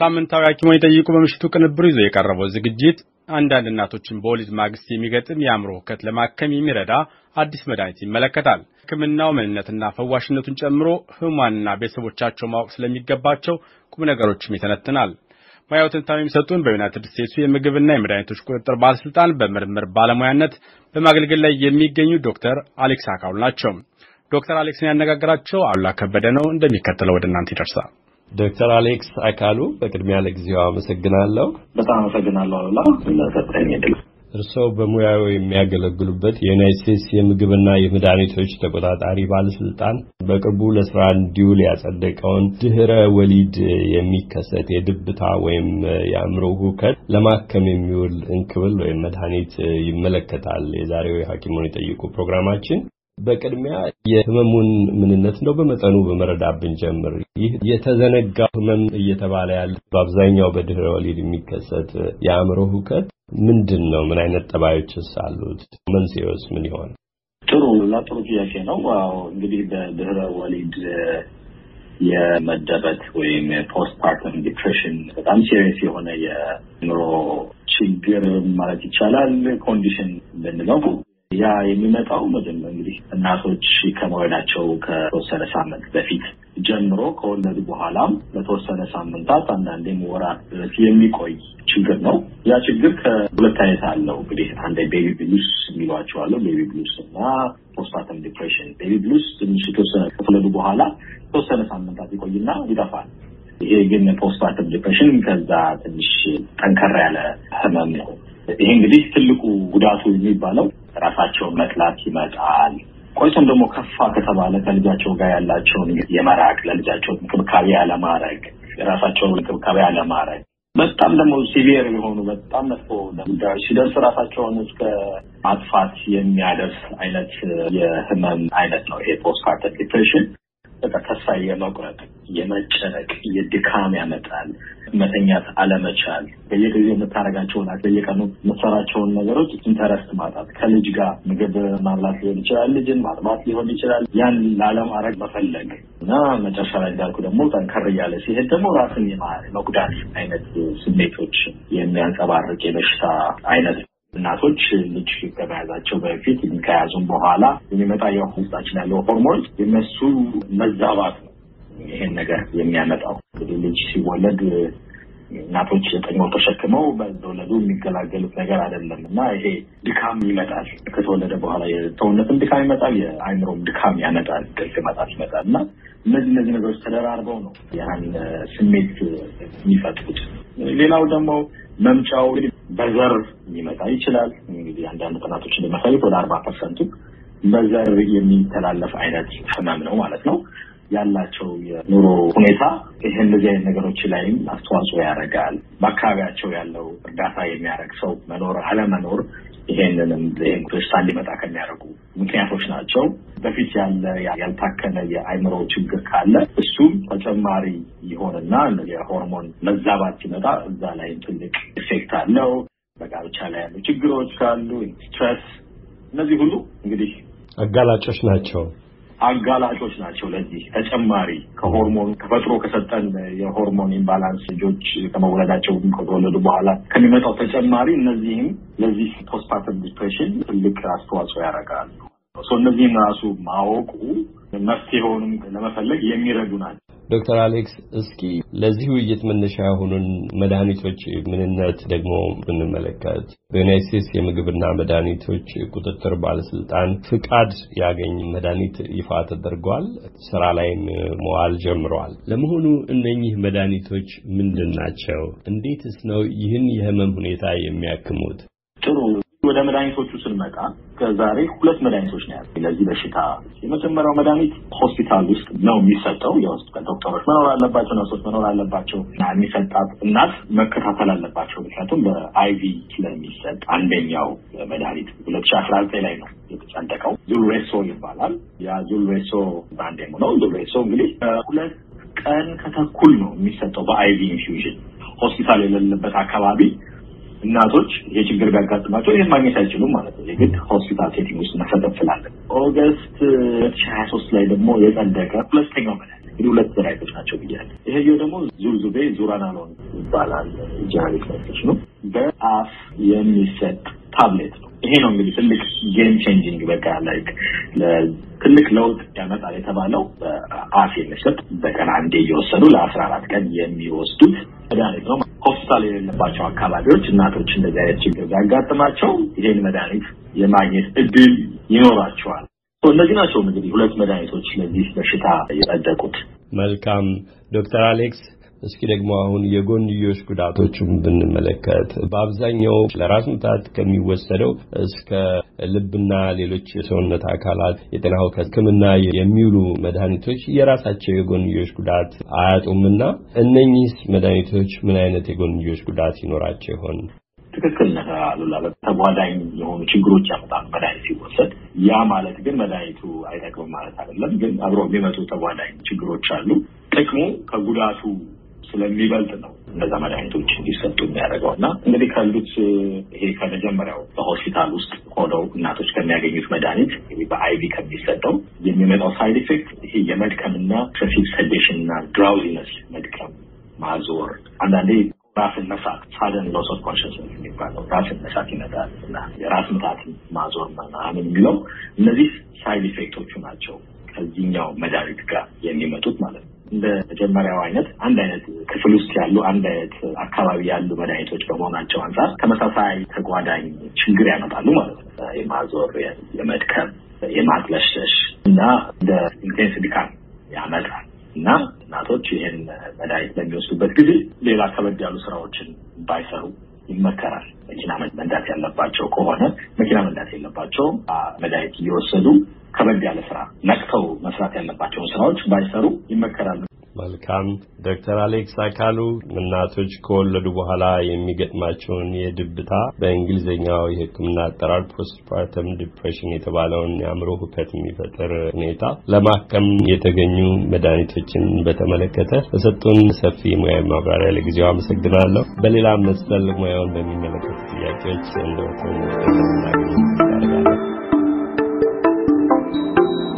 ሳምንታዊ ሐኪሞን የጠይቁ በምሽቱ ቅንብሩ ይዞ የቀረበው ዝግጅት አንዳንድ እናቶችን በወሊድ ማግስት የሚገጥም የአእምሮ ውከት ለማከም የሚረዳ አዲስ መድኃኒት ይመለከታል። ሕክምናው ምንነትና ፈዋሽነቱን ጨምሮ ህሙማንና ቤተሰቦቻቸው ማወቅ ስለሚገባቸው ቁም ነገሮችም ይተነትናል። ሙያዊ ትንታኔ የሚሰጡን በዩናይትድ ስቴትሱ የምግብና የመድኃኒቶች ቁጥጥር ባለስልጣን በምርምር ባለሙያነት በማገልገል ላይ የሚገኙ ዶክተር አሌክስ አካሉ ናቸው። ዶክተር አሌክስን ያነጋገራቸው አሉላ ከበደ ነው። እንደሚከተለው ወደ እናንተ ይደርሳል። ዶክተር አሌክስ አካሉ በቅድሚያ ለጊዜው አመሰግናለሁ። በጣም አመሰግናለሁ አሉላ ለሰጠኝ እድል። እርስዎ በሙያው የሚያገለግሉበት የዩናይት ስቴትስ የምግብና የመድኃኒቶች ተቆጣጣሪ ባለስልጣን በቅርቡ ለስራ እንዲውል ያጸደቀውን ድህረ ወሊድ የሚከሰት የድብታ ወይም የአእምሮ ሁከት ለማከም የሚውል እንክብል ወይም መድኃኒት ይመለከታል። የዛሬው የሐኪሙን የጠይቁ ፕሮግራማችን በቅድሚያ የህመሙን ምንነት እንደው በመጠኑ በመረዳት ብንጀምር፣ ይህ የተዘነጋ ህመም እየተባለ ያለ በአብዛኛው በድህረ ወሊድ የሚከሰት የአእምሮ ሁከት ምንድን ነው? ምን አይነት ጠባዮችስ አሉት? መንስኤውስ ምን ይሆን? ጥሩ እና ጥሩ ጥያቄ ነው። እንግዲህ በድህረ ወሊድ የመደበት ወይም የፖስትፓርተም ዲፕሬሽን በጣም ሲሪየስ የሆነ የአእምሮ ችግር ማለት ይቻላል ኮንዲሽን ብንለው ያ የሚመጣው መጀመር እንግዲህ እናቶች ከመወዳቸው ከተወሰነ ሳምንት በፊት ጀምሮ ከወለዱ በኋላም ለተወሰነ ሳምንታት አንዳንዴም ወራት ድረስ የሚቆይ ችግር ነው። ያ ችግር ከሁለት አይነት አለው እንግዲህ አንድ ቤቢ ብሉስ የሚሏቸዋለው ቤቢ ብሉስ እና ፖስትፓርተም ዲፕሬሽን። ቤቢ ብሉስ ትንሽ የተወሰነ ከተወለዱ በኋላ ተወሰነ ሳምንታት ይቆይና ይጠፋል። ይሄ ግን ፖስትፓርተም ዲፕሬሽን ከዛ ትንሽ ጠንከራ ያለ ህመም ነው። ይሄ እንግዲህ ትልቁ ጉዳቱ የሚባለው ራሳቸውን መጥላት ይመጣል። ቆይቶም ደግሞ ከፋ ከተባለ ከልጃቸው ጋር ያላቸውን የመራቅ ለልጃቸው እንክብካቤ ያለማድረግ፣ የራሳቸውን እንክብካቤ ያለማድረግ በጣም ደግሞ ሲቪየር የሆኑ በጣም መጥፎ ጉዳዮች ሲደርስ ራሳቸውን እስከ ማጥፋት የሚያደርስ አይነት የህመም አይነት ነው ይሄ ፖስት ዲፕሬሽን። በቃ ተስፋ የመቁረጥ የመጨነቅ የድካም ያመጣል። መተኛት አለመቻል፣ በየጊዜው የምታደርጋቸውን በየቀኑ የምትሰራቸውን ነገሮች ኢንተረስት ማጣት፣ ከልጅ ጋር ምግብ ማብላት ሊሆን ይችላል፣ ልጅን ማጥባት ሊሆን ይችላል። ያን ላለማድረግ መፈለግ እና መጨረሻ ላይ እንዳልኩ ደግሞ ጠንከር እያለ ሲሄድ ደግሞ ራስን መጉዳት አይነት ስሜቶች የሚያንጸባርቅ የበሽታ አይነት እናቶች ልጅ ከመያዛቸው በፊት ከያዙም በኋላ የሚመጣ የውስጣችን ያለው ሆርሞን የነሱ መዛባት ይሄን ነገር የሚያመጣው እንግዲህ ልጅ ሲወለድ እናቶች ዘጠኝ ወር ተሸክመው በወለዱ የሚገላገሉት ነገር አይደለም እና ይሄ ድካም ይመጣል። ከተወለደ በኋላ የሰውነትም ድካም ይመጣል፣ የአይምሮም ድካም ያመጣል፣ እንቅልፍ ይመጣል ይመጣል እና እነዚህ እነዚህ ነገሮች ተደራርበው ነው ያን ስሜት የሚፈጥሩት። ሌላው ደግሞ መምጫው በዘር ሊመጣ ይችላል። እንግዲህ አንዳንድ ጥናቶች እንደሚያሳዩት ወደ አርባ ፐርሰንቱ በዘር የሚተላለፍ አይነት ህመም ነው ማለት ነው። ያላቸው የኑሮ ሁኔታ ይህ እንደዚህ አይነት ነገሮች ላይም አስተዋጽኦ ያደርጋል። በአካባቢያቸው ያለው እርዳታ የሚያደርግ ሰው መኖር አለመኖር ይሄንንም ይህን በሽታ እንዲመጣ ከሚያደርጉ ምክንያቶች ናቸው። በፊት ያለ ያልታከነ የአይምሮ ችግር ካለ እሱም ተጨማሪ ይሆንና የሆርሞን መዛባት ሲመጣ እዛ ላይም ትልቅ ኢፌክት አለው። በጋብቻ ላይ ያሉ ችግሮች ካሉ ስትረስ፣ እነዚህ ሁሉ እንግዲህ አጋላጮች ናቸው። አጋላጮች ናቸው። ለዚህ ተጨማሪ ከሆርሞን ተፈጥሮ ከሰጠን የሆርሞን ኢምባላንስ ልጆች ከመውለዳቸው ከተወለዱ በኋላ ከሚመጣው ተጨማሪ እነዚህም ለዚህ ፖስትፓርተም ዲፕሬሽን ትልቅ አስተዋጽኦ ያደርጋሉ። እነዚህም ራሱ ማወቁ መፍትሄውንም ለመፈለግ የሚረዱ ናቸው። ዶክተር አሌክስ እስኪ ለዚህ ውይይት መነሻ የሆኑን መድኃኒቶች ምንነት ደግሞ ብንመለከት በዩናይት ስቴትስ የምግብና መድኃኒቶች ቁጥጥር ባለስልጣን ፍቃድ ያገኝ መድኃኒት ይፋ ተደርጓል፣ ስራ ላይም መዋል ጀምሯል። ለመሆኑ እነኚህ መድኃኒቶች ምንድን ናቸው? እንዴትስ ነው ይህን የህመም ሁኔታ የሚያክሙት? ጥሩ ወደ መድኃኒቶቹ ስንመጣ ከዛሬ ሁለት መድኃኒቶች ነው ያለ ለዚህ በሽታ። የመጀመሪያው መድኃኒት ሆስፒታል ውስጥ ነው የሚሰጠው። የሆስፒታል ዶክተሮች መኖር አለባቸው፣ ነርሶች መኖር አለባቸው እና የሚሰጣት እናት መከታተል አለባቸው። ምክንያቱም በአይቪ ስለሚሰጥ አንደኛው መድኃኒት ሁለት ሺ አስራ ዘጠኝ ላይ ነው የተጨንደቀው። ዙልሬሶ ይባላል። ያ ዙልሬሶ በአንዴሙ ነው። ዙልሬሶ እንግዲህ ሁለት ቀን ከተኩል ነው የሚሰጠው በአይቪ ኢንፊውዥን ሆስፒታል የሌለበት አካባቢ እናቶች ይሄ ችግር ቢያጋጥማቸው ይህን ማግኘት አይችሉም ማለት ነው። የግድ ሆስፒታል ሴቲንግ ውስጥ መሰጠት ስላለ ኦገስት ሁለት ሺ ሀያ ሶስት ላይ ደግሞ የጸደቀ ሁለተኛው መድኃኒት እንግዲህ ሁለት ዘራይቶች ናቸው ብያለ። ይሄየው ደግሞ ዙርዙቤ ዙራናሎን ይባላል። ጃሪ ነው በአፍ የሚሰጥ ታብሌት ነው። ይሄ ነው እንግዲህ ትልቅ ጌም ቼንጂንግ በቃ ላይክ ትልቅ ለውጥ ያመጣል የተባለው በአፍ የሚሰጥ በቀን አንዴ እየወሰዱ ለአስራ አራት ቀን የሚወስዱት መድኃኒት ነው። ሆስፒታል የሌለባቸው አካባቢዎች እናቶች እንደዚህ አይነት ችግር ቢያጋጥማቸው ይሄን መድኃኒት የማግኘት እድል ይኖራቸዋል። እነዚህ ናቸው እንግዲህ ሁለት መድኃኒቶች ለዚህ በሽታ የጸደቁት። መልካም ዶክተር አሌክስ እስኪ ደግሞ አሁን የጎንዮሽ ጉዳቶችን ብንመለከት በአብዛኛው ለራስ ምታት ከሚወሰደው እስከ ልብና ሌሎች የሰውነት አካላት የጤና ህክምና የሚውሉ መድኃኒቶች የራሳቸው የጎንዮሽ ጉዳት አያጡምና እነኚህስ መድኃኒቶች ምን አይነት የጎንዮሽ ጉዳት ይኖራቸው ይሆን? ትክክል ነህ አሉላ። ተጓዳኝ የሆኑ ችግሮች ያመጣሉ መድኃኒት ሲወሰድ። ያ ማለት ግን መድኃኒቱ አይጠቅምም ማለት አይደለም። ግን አብሮ የሚመጡ ተጓዳኝ ችግሮች አሉ። ጥቅሙ ከጉዳቱ ስለሚበልጥ ነው እነዛ መድኃኒቶች እንዲሰጡ የሚያደርገው እና እንግዲህ ካሉት ይሄ ከመጀመሪያው በሆስፒታል ውስጥ ሆነው እናቶች ከሚያገኙት መድኃኒት በአይቪ ከሚሰጠው የሚመጣው ሳይድ ኢፌክት ይሄ የመድከምና ትራፊክ ሰዴሽን እና ድራውዚነስ መድከም፣ ማዞር፣ አንዳንዴ ራስን መሳት ሳደን ሎስ ኦፍ ኮንሽስነስ የሚባለው ራስን መሳት ይመጣል እና የራስ ምታት፣ ማዞር ምናምን የሚለው እነዚህ ሳይድ ኢፌክቶቹ ናቸው ከዚህኛው መድኃኒት ጋር የሚመጡት ማለት ነው። እንደ መጀመሪያው አይነት አንድ አይነት ክፍል ውስጥ ያሉ አንድ አይነት አካባቢ ያሉ መድኃኒቶች በመሆናቸው አንጻር ተመሳሳይ ተጓዳኝ ችግር ያመጣሉ ማለት ነው። የማዞር፣ የመድከም፣ የማቅለሽለሽ እና እንደ ኢንቴንስ ድካም ያመጣል እና እናቶች ይህን መድኃኒት በሚወስዱበት ጊዜ ሌላ ከበድ ያሉ ስራዎችን ባይሰሩ ይመከራል። መኪና መንዳት ያለባቸው ከሆነ መኪና መንዳት የለባቸው መድኃኒት እየወሰዱ ከበድ ያለ ስራ ነቅተው መስራት ያለባቸውን ስራዎች ባይሰሩ ይመከራሉ። መልካም ዶክተር አሌክስ አካሉ እናቶች ከወለዱ በኋላ የሚገጥማቸውን የድብታ በእንግሊዝኛው የሕክምና አጠራር ፖስትፓርተም ዲፕሬሽን የተባለውን የአእምሮ ሁከት የሚፈጥር ሁኔታ ለማከም የተገኙ መድኃኒቶችን በተመለከተ በሰጡን ሰፊ ሙያዊ ማብራሪያ ለጊዜው አመሰግናለሁ። በሌላ መሰል ሙያውን በሚመለከቱ ጥያቄዎች እንደወሰ